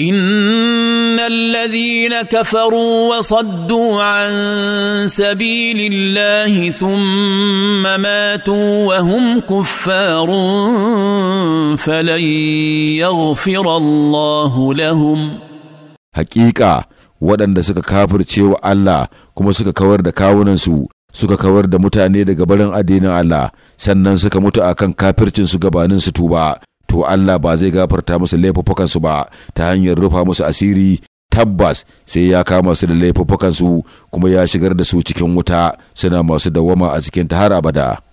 ان الذين كفروا وصدوا عن سبيل الله ثم ماتوا وهم كفار فلن يغفر الله لهم حقيقه waɗanda suka kafirce wa Allah kuma suka kawar da kawunansu suka kawar da mutane daga barin addinin Allah sannan suka mutu akan kafircinsu gabaninsu tuba to Allah ba zai gafarta musu laifuffukansu ba ta hanyar rufa musu asiri tabbas sai ya kama su da laifuffukansu kuma ya shigar da su cikin wuta suna masu dawama a cikin ta har abada.